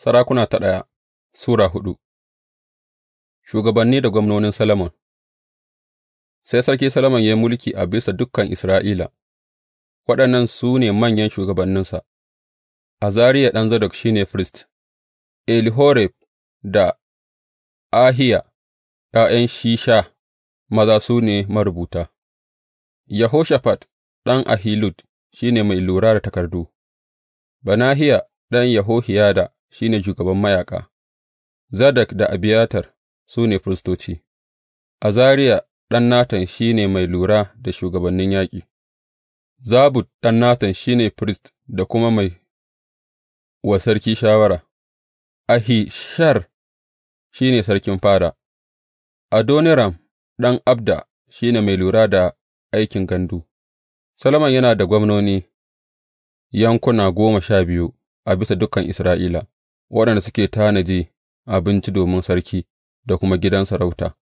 Sarakuna ta ɗaya Sura hudu Shugabanni da gwamnonin Salomon. Sai Sarki Solomon ya yi mulki a bisa dukkan Isra'ila, waɗannan su ne manyan shugabanninsa, A Azariya ɗan Zadok shi ne firist, Elihoref da Ahiya ’ya'yan Shisha maza su ne marubuta, Yahoshafat ɗan Ahilud shi ne mai lura da takardu, Banahiya ɗan Yahohiyada. shi ne shugaban mayaƙa, Zadak da Abiyatar su ne firistoci, Azariya ɗan Natan shi ne mai lura da shugabannin yaƙi, Zabud ɗan Natan shi ne firist da kuma mai wa sarki shawara, Ahishar shi ne sarkin fada, Adoniram ɗan Abda shi ne mai lura da aikin gandu, Solomon yana da gwamnoni yankuna goma sha biyu a bisa dukan Isra'ila. waɗanda suke tanaji abinci domin sarki da kuma gidan sarauta,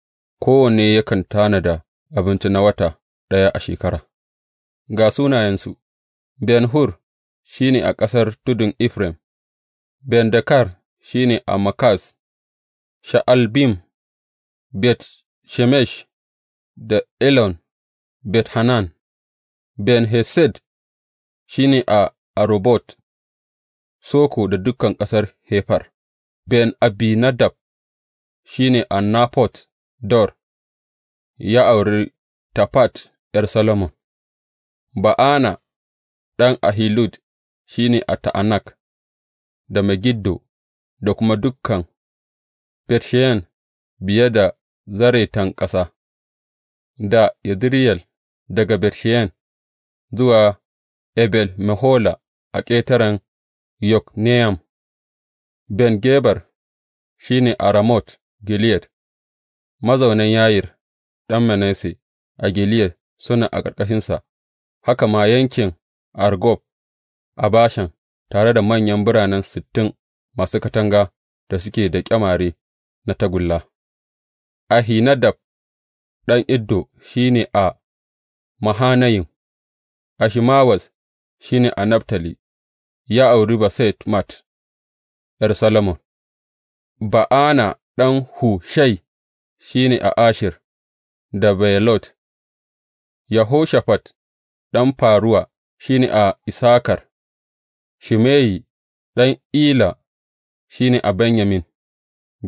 kowanne yakan tanada abinci na wata ɗaya a shekara. Ga sunayensu, Ben Hur shi ne a ƙasar tudun Ephraim, Ben Dakar shi ne a Makas, Sha'albim, Bet Shemesh da Elon, Bet Hanan, Ben Hesed shi ne a Arobot, Soko da dukan ƙasar Hefer, Ben Abinadab shi ne a Nafot Dor, ya auri Tafat ’yar Solomon, Ba'ana ɗan Ahilud shi ne a Ta'anak da Megiddo da kuma dukan Bethshean biye da zaretan ƙasa, da Yezireyel daga Bethshean zuwa Ebel Mehola a ƙetaren Yokneyam, Ben Geber shi ne a Ramot Gileyad, mazaunan Yayir ɗan Manasse a Gileyad suna a ƙarƙashinsa, haka ma yankin Argob a Bashan, tare da manyan biranen sittin masu katanga da suke da ƙyamare na tagulla. Ahinadab ɗan Iddo shi ne a Mahanayim, Ashimawaz shi ne a Naftali. ya auri Basset Mat, ’yar Solomon, Ba'ana ɗan Hushai shi ne a Ashir da Belot, Yahoshafat ɗan Faruwa shi ne a Isakar. Shimeyi ɗan Ila shi ne a Benyamin,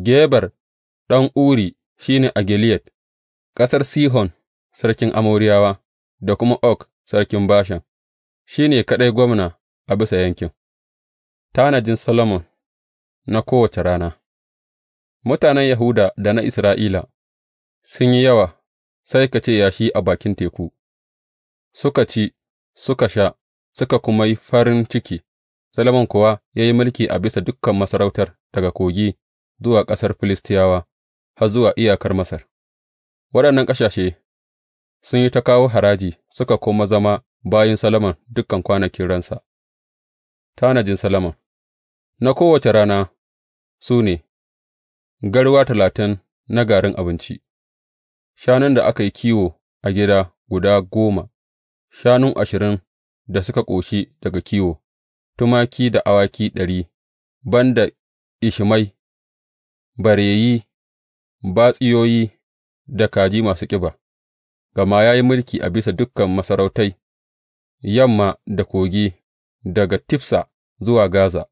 Geber ɗan Uri shi ne a Gileyad, ƙasar Sihon sarkin Amoriyawa da kuma Ok sarkin Bashan, shi ne kaɗai gwamna a bisa yankin Tanajin Solomon na kowace rana Mutanen Yahuda da na Isra'ila sun yi yawa, sai ka ce yashi a bakin teku, suka ci, suka sha, suka kuma yi farin ciki, Solomon kuwa ya yi mulki a bisa dukkan masarautar daga kogi zuwa ƙasar Filistiyawa har zuwa iyakar Masar. Waɗannan ƙasashe sun yi ta kawo haraji suka kuma zama bayin Solomon dukkan kwanakin ransa. Tanajin Solomon Na kowace rana su ne, garwa talatin na garin abinci, shanun da aka yi kiwo a gida guda goma, Shanun ashirin da suka ƙoshi daga kiwo, tumaki da awaki ɗari, ban da ishimai, bareyi, batsiyoyi da kaji masu ƙiba, gama ya yi mulki a bisa dukan masarautai yamma da Kogi. daga Tifsa zuwa Gaza,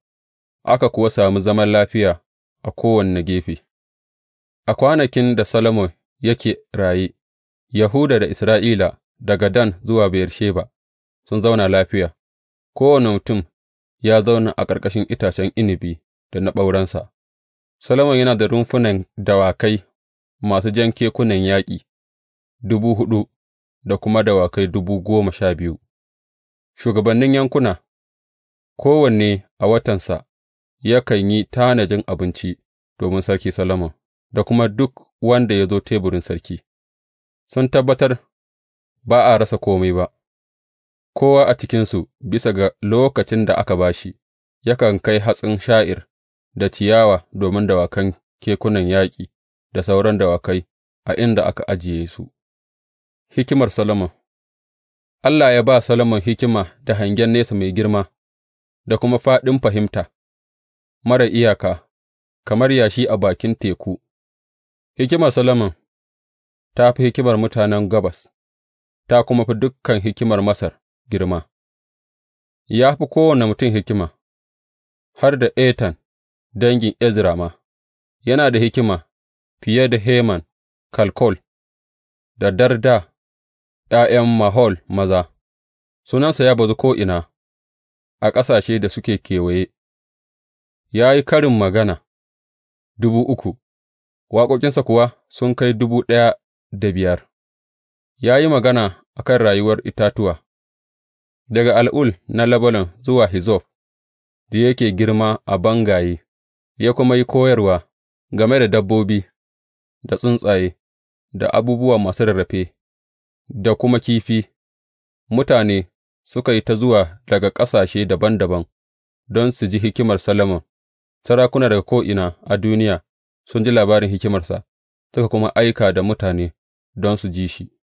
aka kuwa sami zaman lafiya a kowane gefe. A kwanakin da Solomon yake raye, Yahuda da Isra'ila daga Dan zuwa Beyersheba sun zauna lafiya, kowane mutum ya zauna a ƙarƙashin itacen inibi da na ɓauransa. Solomon yana da rumfunan dawakai masu jan kekunan yaƙi dubu hudu da kuma dawakai dubu goma sha biyu, shugabannin yankuna. kowanne a watansa yakan yi tanajin abinci domin Sarki Solomon da kuma duk wanda ya zo teburin sarki, sun tabbatar ba a rasa kome ba, kowa a cikinsu bisa ga lokacin da aka ba shi, yakan kai hatsin sha'ir da ciyawa domin dawakan kekunan yaƙi da sauran dawakai a inda aka ajiye su. Hikimar Solomon Allah ya ba Solomon hikima da hangen nesa mai girma. da kuma faɗin fahimta marar iyaka, kamar yashi a bakin teku, hikimar Solomon ta fi hikimar mutanen gabas, ta kuma fi dukkan hikimar Masar girma, ya fi kowane mutum hikima, har da Etan dangin Ezra ma, yana da hikima fiye da Heman, Kalkol, da Darda, ’ya'yan Mahol maza, sunansa ya bazu ko'ina. a ƙasashe da suke kewaye, ya yi karin magana dubu uku, waƙoƙinsa kuwa sun kai dubu ɗaya da biyar, ya yi magana a kan rayuwar itatuwa, daga al'ul na Lebanon zuwa Hizof, da yake girma a bangaye, ya kuma yi koyarwa game da dabbobi, da tsuntsaye, da abubuwa masu rarrafe, da kuma kifi, mutane suka yi ta zuwa daga ƙasashe dabam dabam don su ji hikimar Solomon, sarakuna daga ko'ina a duniya sun ji labarin hikimarsa, suka kuma aika da mutane don su ji shi.